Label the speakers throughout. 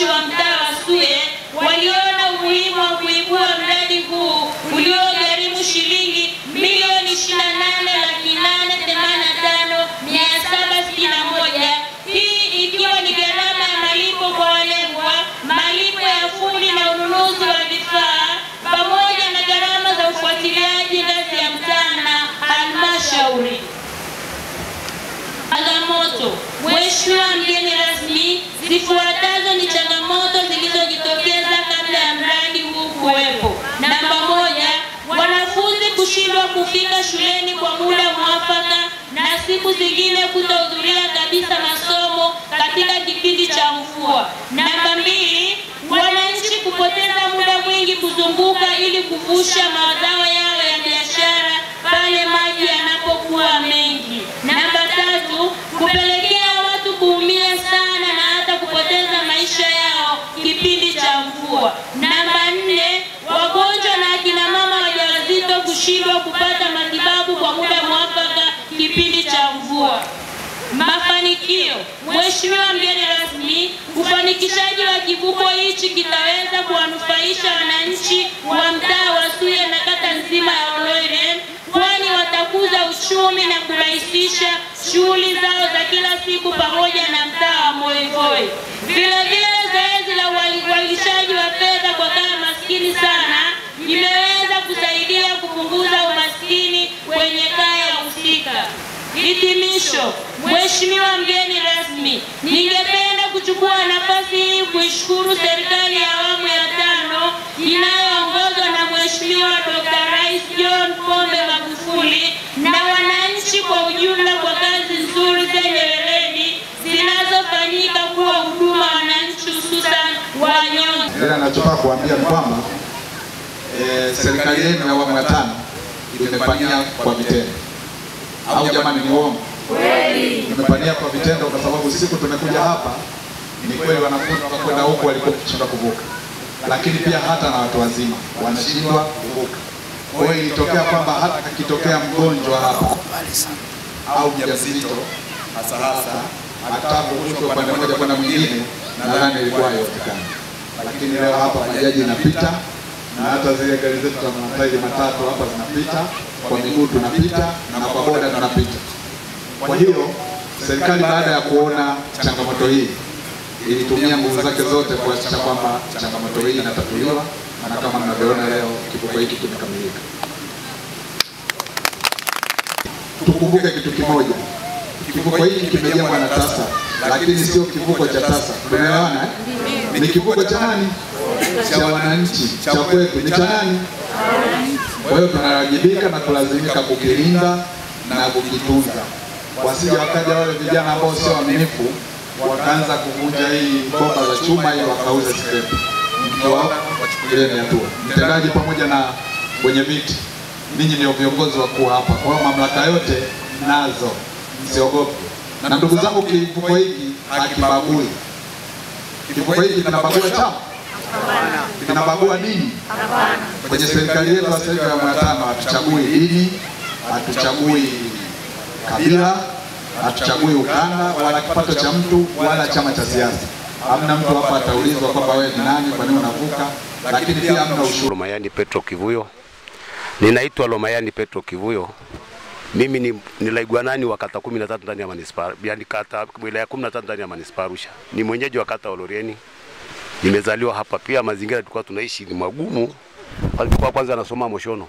Speaker 1: wananchi wa mtaa wa Suye waliona umuhimu wa kuibua mradi huu uliogharimu shilingi milioni 28 laki kuruhusiwa kufika shuleni kwa muda mwafaka na siku zingine kutohudhuria kabisa masomo katika kipindi cha mvua. Namba mbili, wananchi kupoteza muda mwingi kuzunguka ili kuvusha mazao yao ya biashara pale maji yanapokuwa mengi. Namba tatu, kupelekea watu kuumia sana na hata kupoteza maisha yao kipindi cha mvua. mafanikio. Mheshimiwa mgeni rasmi, ufanikishaji wa kivuko hichi kitaweza kuwanufaisha wananchi wa mtaa wa Suya na kata nzima ya Oloire, kwani watakuza uchumi na kurahisisha shughuli zao za kila siku pamoja na mtaa wa Moevoe. Vilevile, zoezi la uwalishaji wa fedha kwa kaya maskini sana imeweza kusaidia kupunguza umaskini kwenye Hitimisho. Mheshimiwa mgeni rasmi, ningependa kuchukua nafasi hii kuishukuru serikali ya awamu ya tano inayoongozwa na Mheshimiwa Dkt. Rais John Pombe Magufuli na wananchi kwa ujumla kwa kazi nzuri zenye weledi zinazofanyika kuwa huduma wananchi hususan wanyonge.
Speaker 2: Yeye kuambia ni kwamba eh, serikali yenu ya awamu ya tano imefanyia kwa vitendo au jamani, ni uongo? Tumepania kwa vitendo, kwa sababu siku tumekuja hapa ni kweli wanafunzi wanakwenda huku walikuwa wakishindwa kuvuka, lakini pia hata na watu wazima wanashindwa kuvuka. Kwa hiyo ilitokea kwamba hata akitokea mgonjwa hapa au mjamzito hasa hasa atakurushwa upande mmoja kwenda mwingine, nadhani ilikuwa haiwezekani, lakini leo hapa majaji inapita na hata zile gari zetu za matairi matatu hapa zinapita, kwa miguu tunapita na kwa boda tunapita. Kwa hiyo serikali baada ya kuona changamoto hii ilitumia nguvu zake zote kuhakikisha kwamba changamoto hii inatatuliwa, na kama mnavyoona leo kivuko hiki kimekamilika. Tukumbuke kitu kimoja, kivuko hiki kimejengwa na TASA, lakini sio kivuko cha TASA. Tunaelewana? Eh? Ni kivuko cha nani? cha wananchi cha kwetu ni cha nani? Kwa hiyo tunawajibika na kulazimika kukilinda na kukitunza, wasije wakaja wale vijana ambao sio waaminifu wakaanza kuvunja hii bomba za chuma ili wakauze skrepu. wachukulie ni hatua. Mtendaji pamoja na wenye miti, ninyi ndio viongozi wakuu hapa, kwa hiyo mamlaka yote nazo, msiogope. Na ndugu zangu, kivuko hiki hakibagui, kivuko hiki kinabagua chama vinabagua dini. Kwenye serikali yetu sasa hivi ya muungano hatuchagui dini, hatuchagui kabila, hatuchagui ukanda wala kipato cha mtu wala chama cha siasa. Hamna mtu hapa ataulizwa kwamba wewe ni nani, kwa nini unavuka, lakini pia hamna ushuru.
Speaker 3: Mayani Petro Kivuyo, ninaitwa Lomayani Petro Kivuyo. Mimi ni, ni laigwanani wa kata 13 ndani ya manispaa, yani kata wilaya 13 ndani ya manispaa Arusha. Ni mwenyeji wa kata Olorieni nimezaliwa hapa pia. Mazingira tulikuwa tunaishi ni magumu, alikuwa kwanza anasoma Moshono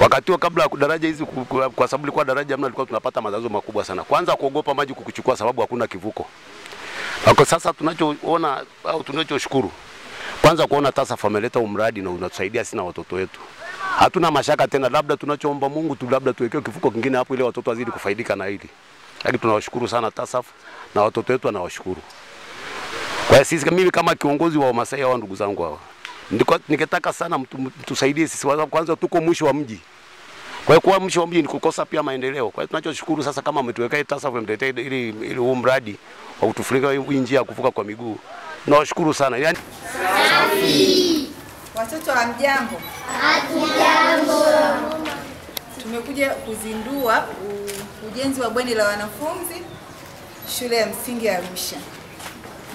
Speaker 3: wakati huo kabla daraja hizi, kwa sababu ilikuwa daraja mna, tulikuwa tunapata matatizo makubwa sana, kwanza kuogopa maji kukuchukua, sababu hakuna kivuko. Lakini sasa tunachoona au tunachoshukuru kwanza kuona TASAF ameleta umradi na unatusaidia sina watoto wetu, hatuna mashaka tena. Labda tunachoomba Mungu tu labda tuwekewe kivuko kingine hapo, ile watoto wazidi kufaidika na hili, lakini tunawashukuru sana TASAF na watoto wetu wanawashukuru. Kwa sisi mimi kama kiongozi wa Wamasai hawa ndugu zangu hawa ndiko ningetaka sana mtu, mtusaidie sisi waza, kwanza tuko mwisho wa mji. Kwa hiyo kuwa mwisho wa mji ni kukosa pia maendeleo. Kwa hiyo tunachoshukuru sasa kama mmetuwekea TASAF mmetuletea ili ili huu mradi wa kutufurika hii njia ya kuvuka kwa miguu. Nawashukuru sana. Yaani
Speaker 4: Watoto wa mjambo.
Speaker 5: Hatujambo.
Speaker 4: Tumekuja kuzindua ujenzi wa bweni la wanafunzi shule ya msingi ya Arusha.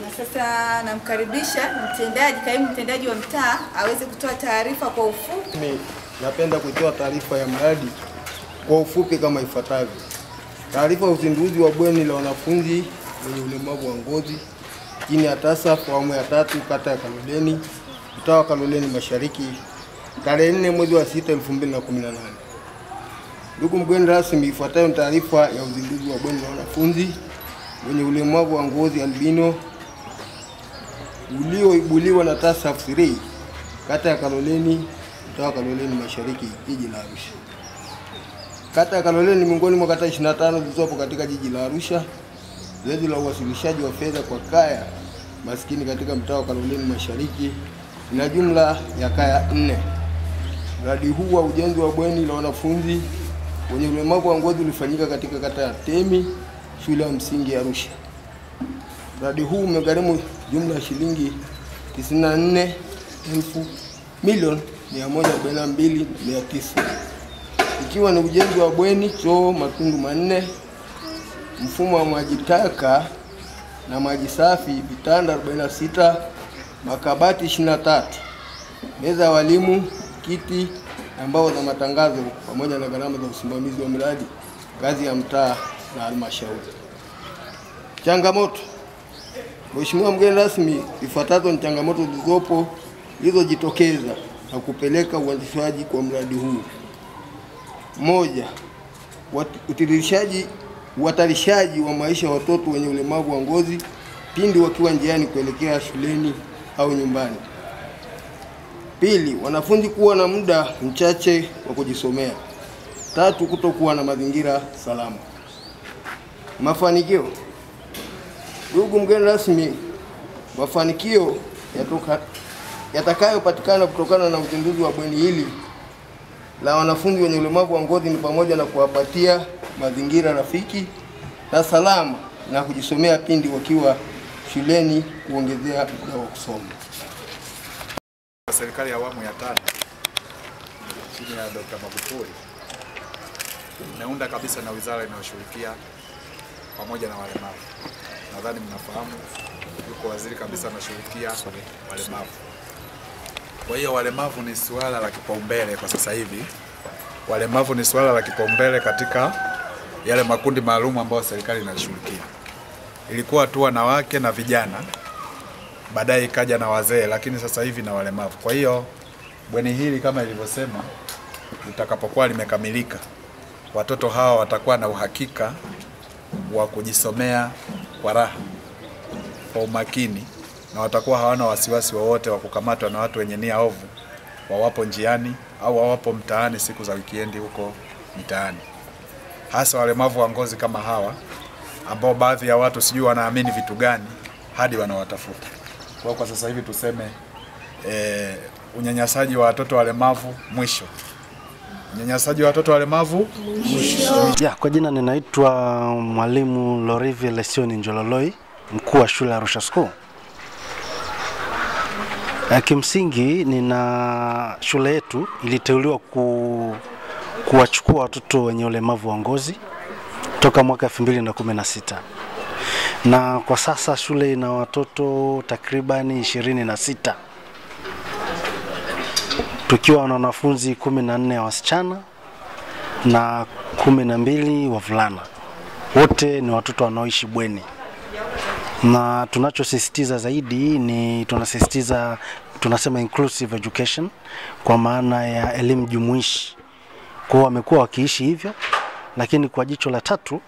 Speaker 4: Na sasa namkaribisha mtendaji, kaimu mtendaji wa mtaa aweze kutoa taarifa kwa ufupi.
Speaker 6: Mimi napenda kutoa taarifa ya mradi kwa ufupi kama ifuatavyo. Taarifa ya uzinduzi wa bweni la wanafunzi wenye ulemavu wa ngozi chini ya TASAF awamu ya tatu kata ya Kaloleni mtaa wa Kaloleni Mashariki tarehe 4 mwezi wa 6 2018. Ndugu mgeni rasmi, ifuatayo taarifa ya uzinduzi wa bweni la wanafunzi wenye ulemavu wa ngozi albino ulioibuliwa na TASAF 3 kata ya Kaloleni mtaa Kaloleni Mashariki jiji la Arusha. Kata ya Kaloleni miongoni mwa kata 25 zilizopo katika jiji la Arusha. Zoezi la uwasilishaji wa fedha kwa kaya maskini katika mtaa wa Kaloleni Mashariki ina jumla ya kaya nne. Mradi huu wa ujenzi wa bweni la wanafunzi wenye ulemavu wa ngozi ulifanyika katika kata ya Temi, shule ya msingi Arusha. Mradi huu umegharimu jumla ya shilingi 94 milioni 142,900 ikiwa ni ujenzi wa bweni, choo, matundu manne, mfumo wa maji taka na maji safi, vitanda 46, makabati 23, meza ya walimu, kiti na mbao za matangazo, pamoja na gharama za usimamizi wa miradi ngazi ya mtaa na halmashauri. Changamoto Mheshimiwa mgeni rasmi, ifuatazo ni changamoto zilizopo zilizojitokeza na kupeleka uanzishwaji kwa mradi huu. Moja, utiririshaji uhatarishaji wa maisha ya watoto wenye ulemavu wa ngozi pindi wakiwa njiani kuelekea shuleni au nyumbani. Pili, wanafunzi kuwa na muda mchache wa kujisomea. Tatu, kutokuwa na mazingira salama. Mafanikio Ndugu mgeni rasmi, mafanikio yatakayopatikana kutokana na uzinduzi wa bweni hili la wanafunzi wenye ulemavu wa ngozi ni pamoja na kuwapatia mazingira rafiki na salama na kujisomea pindi wakiwa shuleni, kuongezea muda wa kusoma.
Speaker 7: Serikali ya awamu ya tano chini ya Dkt. Magufuli imeunda kabisa na wizara inayoshughulikia pamoja na walemavu nadhani mnafahamu, yuko waziri kabisa anashughulikia walemavu. Kwa hiyo walemavu ni suala la kipaumbele kwa sasa hivi, walemavu ni suala la kipaumbele katika yale makundi maalum ambayo serikali inashughulikia. Ilikuwa tu wanawake na vijana, baadaye ikaja na wazee, lakini sasa hivi na walemavu. Kwa hiyo bweni hili kama ilivyosema, litakapokuwa limekamilika, watoto hawa watakuwa na uhakika wa kujisomea kwa raha, kwa umakini, na watakuwa hawana wasiwasi wowote wa kukamatwa na watu wenye nia ovu wawapo njiani au wawapo mtaani siku za wikiendi huko mitaani, hasa walemavu wa ngozi kama hawa ambao baadhi ya watu sijui wanaamini vitu gani hadi wanawatafuta. Kwa kwa sasa hivi tuseme e, unyanyasaji wa watoto walemavu mwisho unyanyasaji wa watoto walemavu
Speaker 8: ya. Kwa jina ninaitwa Mwalimu Lorivi Lesioni Njololoi, mkuu wa shule ya Arusha School. Kimsingi nina shule yetu iliteuliwa ku, kuwachukua watoto wenye ulemavu wa ngozi toka mwaka 2016 na, na kwa sasa shule ina watoto takribani 26 tukiwa na wanafunzi kumi na nne wasichana na kumi na mbili wavulana, wote ni watoto wanaoishi bweni na tunachosisitiza zaidi ni tunasisitiza tunasema inclusive education kwa maana ya elimu jumuishi. Kwa wamekuwa wakiishi hivyo, lakini kwa jicho la tatu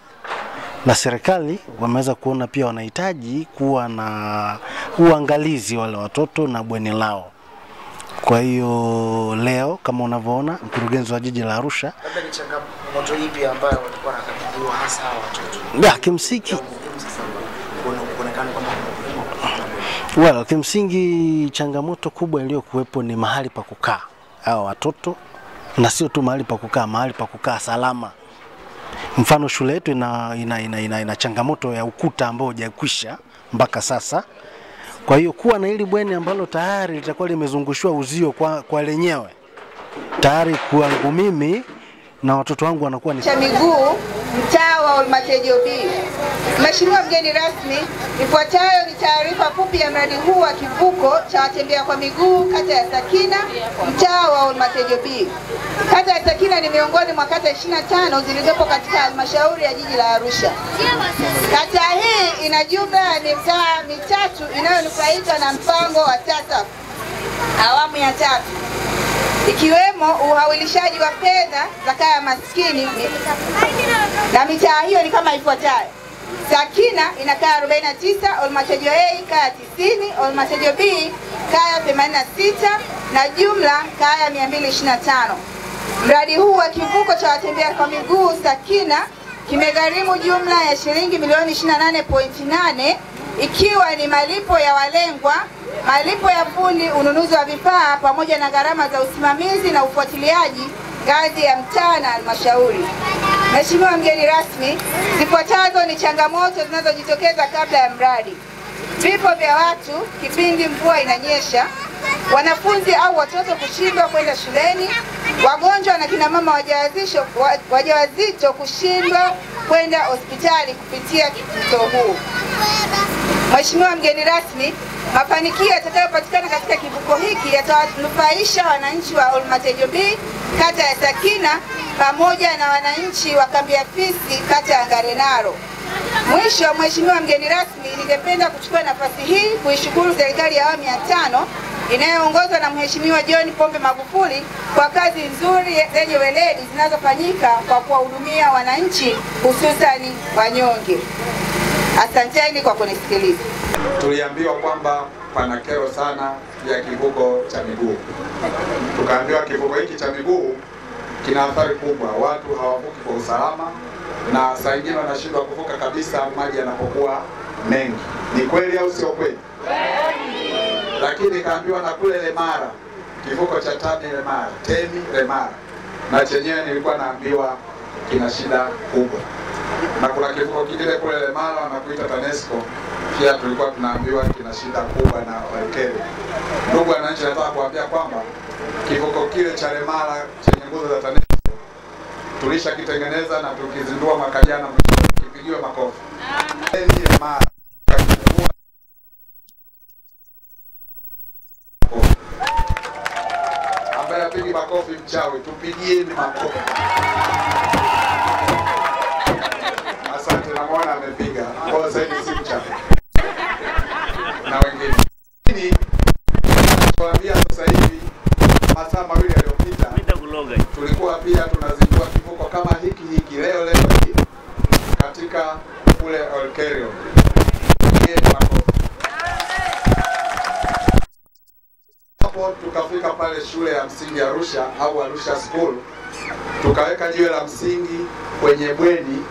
Speaker 8: la serikali wameweza kuona pia wanahitaji kuwa na uangalizi wale watoto na bweni lao. Kwa hiyo leo kama unavyoona, mkurugenzi wa jiji la Arusha, kimsingi Well, kimsingi changamoto kubwa iliyokuwepo ni mahali pa kukaa hao watoto, na sio tu mahali pa kukaa, mahali pa kukaa salama. Mfano shule yetu ina, ina, ina, ina, ina changamoto ya ukuta ambao hujakwisha mpaka sasa. Kwa hiyo kuwa na hili bweni ambalo tayari litakuwa limezungushiwa uzio kwa, kwa lenyewe tayari kwangu mimi na watoto wangu wanakuwa ni
Speaker 9: cha miguu mtaa wa Olmatejo bii Mheshimiwa mgeni rasmi, ifuatayo ni taarifa fupi ya mradi huu wa kivuko cha watembea kwa miguu kata ya Sakina mtaa wa Olmatejo B. Kata ya Sakina ni miongoni mwa kata 25 zilizopo katika halmashauri ya jiji la Arusha. Kata hii ina jumla ya mitaa mitatu inayonufaika na mpango wa TASAF awamu ya tatu ikiwemo uhawilishaji wa fedha za kaya maskini, na mitaa hiyo ni kama ifuatayo: Sakina ina kaya 49, Olmachajo A kaya 90, Olmachajo B kaya 86 na jumla kaya 225. Mradi huu wa kivuko cha watembea kwa miguu Sakina kimegharimu jumla ya shilingi milioni 28.8 ikiwa ni malipo ya walengwa, malipo ya fundi, ununuzi wa vifaa pamoja na gharama za usimamizi na ufuatiliaji ngazi ya mtaa na halmashauri. Mheshimiwa mgeni rasmi, zifuatazo ni changamoto zinazojitokeza kabla ya mradi: vifo vya watu kipindi mvua inanyesha, wanafunzi au watoto kushindwa kwenda shuleni, wagonjwa na kina mama wajawazito, wajawazito kushindwa kwenda hospitali kupitia mto huu. Mheshimiwa mgeni rasmi, mafanikio yatakayopatikana katika kivuko hiki yatawanufaisha wananchi wa Olmatejo B kata ya Sakina pamoja na wananchi wa kambi ya Fisi kata ya Ngarenaro. Mwisho, Mheshimiwa mgeni rasmi, ningependa kuchukua nafasi hii kuishukuru serikali ya awamu ya tano inayoongozwa na Mheshimiwa John Pombe Magufuli kwa kazi nzuri zenye weledi zinazofanyika kwa kuwahudumia wananchi hususani wanyonge. Asanteni kwa kunisikiliza.
Speaker 2: Tuliambiwa kwamba pana kero sana ya kivuko cha miguu, tukaambiwa kivuko hiki cha miguu kina athari kubwa, watu hawavuki kwa usalama na saa ingine wanashindwa kuvuka kabisa maji yanapokuwa mengi. Ni kweli au sio kweli? Lakini kaambiwa na kule Lemara, kivuko cha Tami Lemara, Temi Lemara, na chenyewe nilikuwa naambiwa kina shida kubwa, na kuna kivuko kingine kule Lemala wanakuita TANESCO pia tulikuwa tunaambiwa kina shida kubwa na Waikeli. Ndugu wananchi, nataka kuambia kwamba kivuko kile cha Lemala chenye nguzo za TANESCO tulishakitengeneza na tukizindua mwaka jana, kipigiwe makofi. Lemala ambaye apigi makofi mchawi, tupigieni makofi namwona amepiga kwa zaidi simcha na wengine ni kuambia sasa hivi masaa mawili yaliyopita tulikuwa pia tunazindua kivuko kama hiki hiki leo leo hii katika kule Olkerio hapo tukafika pale shule ya msingi Arusha au Arusha School tukaweka jiwe la msingi kwenye bweni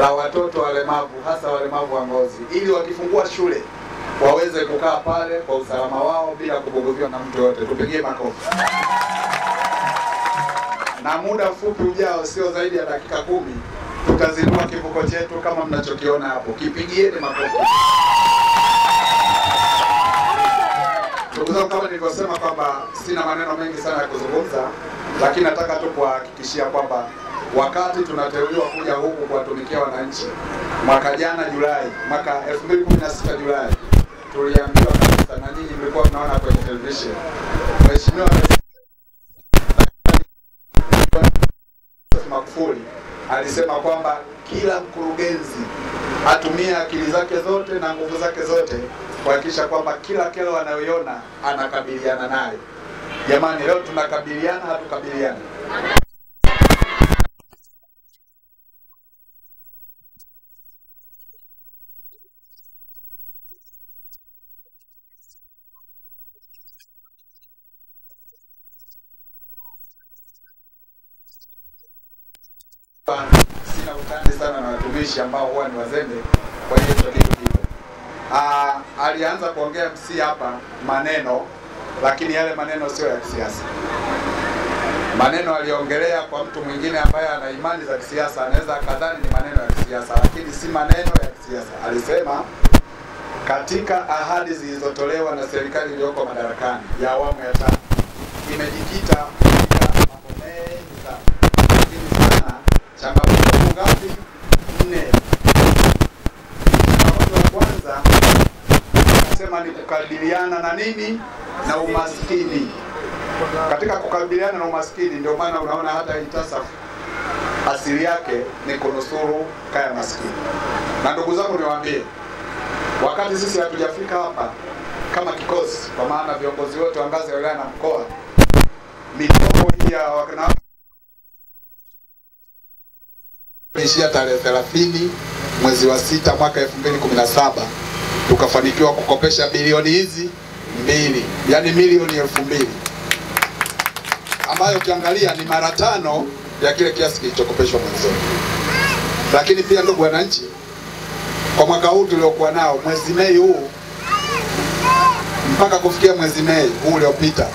Speaker 2: la watoto walemavu, hasa walemavu wa ngozi, ili wakifungua shule waweze kukaa pale kwa usalama wao bila kubuguziwa na mtu yoyote. Tupigie makofi. Na muda mfupi ujao, sio zaidi ya dakika kumi, tutazindua kivuko chetu kama mnachokiona hapo. Kipigieni makofi. Ndugu zangu, kama nilivyosema kwamba sina maneno mengi sana ya kuzungumza, lakini nataka tu kuwahakikishia kwamba wakati tunateuliwa kuja huku kuwatumikia wananchi. Mwaka jana Julai, mwaka 2016 Julai, tuliambiwa kabisa, na nyinyi mlikuwa mnaona kwenye televisheni, Mheshimiwa Magufuli alisema kwamba kila mkurugenzi atumie akili zake zote na nguvu zake zote kuhakikisha kwamba kila kero anayoiona anakabiliana nayo. Jamani, leo tunakabiliana, hatukabiliana sana na watumishi ambao huwa ni wazembe kwa hiyo tutalibu hivyo. Ah, alianza kuongea MC hapa maneno, lakini yale maneno sio ya kisiasa. Maneno aliongelea kwa mtu mwingine ambaye ana imani za kisiasa, anaweza akadhani ni maneno ya kisiasa, lakini si maneno ya kisiasa. Alisema katika ahadi zilizotolewa na serikali iliyoko madarakani ya awamu ya tano imejikita katika mambo mengi sana, lakini sana changamoto ngapi anasema ni kukabiliana na nini na umaskini. Katika kukabiliana na umaskini, ndio maana unaona hata itasaf asili yake ni kunusuru kaya maskini. Na ndugu zangu, niwaambie, wakati sisi hatujafika hapa kama kikosi, kwa maana viongozi wote wa ngazi ya wilaya na mkoa, mikopo hii ya wakina ishia tarehe 30 mwezi wa sita mwaka 2017 tukafanikiwa kukopesha bilioni hizi mbili, yani milioni elfu mbili ambayo ukiangalia ni mara tano ya kile kiasi kilichokopeshwa mwanzoni. Lakini pia ndugu wananchi, kwa mwaka huu tuliokuwa nao mwezi Mei huu mpaka kufikia mwezi Mei huu uliopita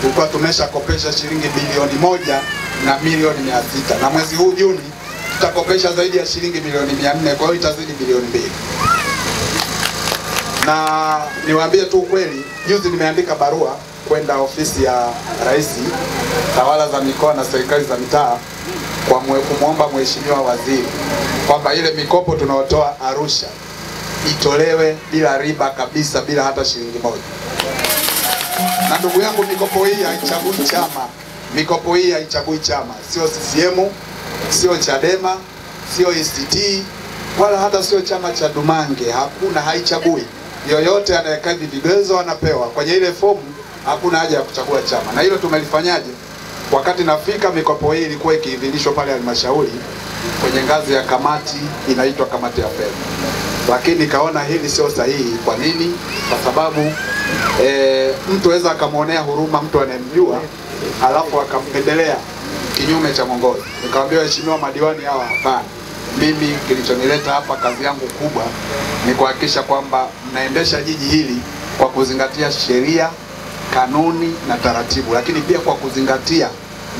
Speaker 2: tulikuwa tumeshakopesha shilingi bilioni moja na milioni mia sita na mwezi huu Juni tutakopesha zaidi ya shilingi milioni mia nne kwa hiyo itazidi bilioni mbili na niwaambie tu ukweli, juzi nimeandika barua kwenda ofisi ya Rais, tawala za mikoa na serikali za mitaa kwa mwe, kumwomba mheshimiwa waziri kwamba ile mikopo tunaotoa Arusha itolewe bila riba kabisa, bila hata shilingi moja. Na ndugu yangu, mikopo hii haichagui chama, mikopo hii haichagui chama, sio CCM, sio Chadema, sio ACT wala hata sio chama cha Dumange, hakuna, haichagui yoyote anayekadi vigezo anapewa kwenye ile fomu, hakuna haja ya kuchagua chama. Na hilo tumelifanyaje? Wakati nafika mikopo hii ilikuwa ikiidhinishwa pale halmashauri kwenye ngazi ya kamati, inaitwa kamati ya fedha, lakini kaona hili sio sahihi. Kwa nini? Kwa sababu e, mtu aweza akamwonea huruma mtu anayemjua alafu akampendelea kinyume cha mwongozo. Nikamwambia waheshimiwa madiwani hawa, hapana mimi kilichonileta hapa, kazi yangu kubwa ni kuhakikisha kwamba mnaendesha jiji hili kwa kuzingatia sheria, kanuni na taratibu, lakini pia kwa kuzingatia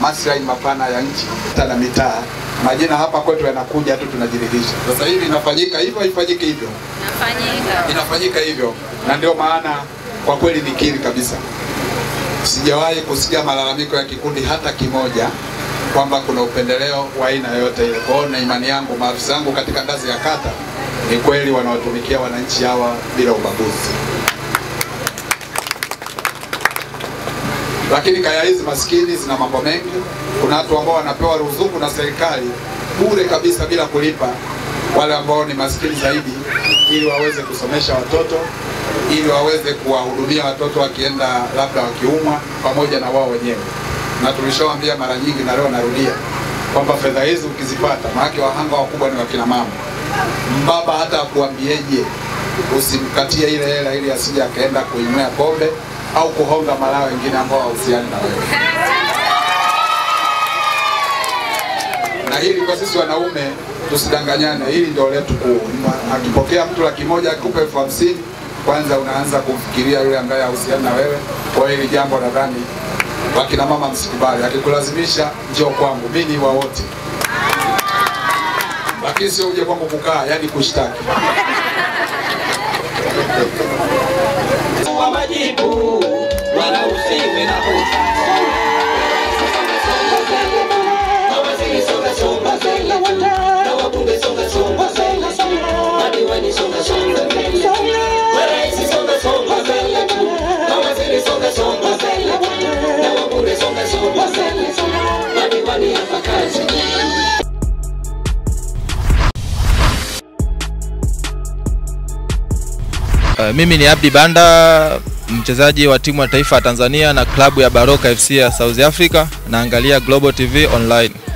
Speaker 2: maslahi mapana ya nchi na mitaa. Majina hapa kwetu yanakuja tu, tunajiridhisha. Sasa hivi inafanyika hivyo, ifanyike hivyo?
Speaker 10: Inafanyika,
Speaker 2: inafanyika hivyo, na ndio maana kwa kweli nikiri kabisa, sijawahi kusikia malalamiko ya kikundi hata kimoja kwamba kuna upendeleo wa aina yoyote ile. Kwa na imani yangu maafisa wangu katika ngazi ya kata ni kweli wanawatumikia wananchi hawa bila ubaguzi. Lakini kaya hizi maskini zina mambo mengi. Kuna watu ambao wanapewa ruzuku na serikali bure kabisa bila kulipa, wale ambao ni maskini zaidi, ili waweze kusomesha watoto, ili waweze kuwahudumia watoto wakienda labda wakiumwa, pamoja na wao wenyewe na tulishawaambia mara nyingi na leo narudia kwamba fedha hizi ukizipata, maana wahanga wakubwa ni wakina mama. Mbaba hata akuambieje, usimkatie ile hela ili asije akaenda kuinywea pombe au kuhonga malaa wengine ambao hawahusiani na wewe. Na hili kwa sisi wanaume tusidanganyane, hili ndio letu kuu. Akipokea mtu laki moja akupe elfu hamsini kwanza unaanza kumfikiria yule ambaye hahusiani na wewe. Kwa hili jambo nadhani Wakina mama msikubali, akikulazimisha njoo kwangu, mimi ni wa wote, lakini sio uje kwangu kukaa, yani kushtaki kwa majibu, wala usiwe na hofu.
Speaker 11: Mimi ni Abdi Banda, mchezaji wa timu ya taifa ya Tanzania na klabu ya Baroka FC ya South Africa. Naangalia Global TV Online.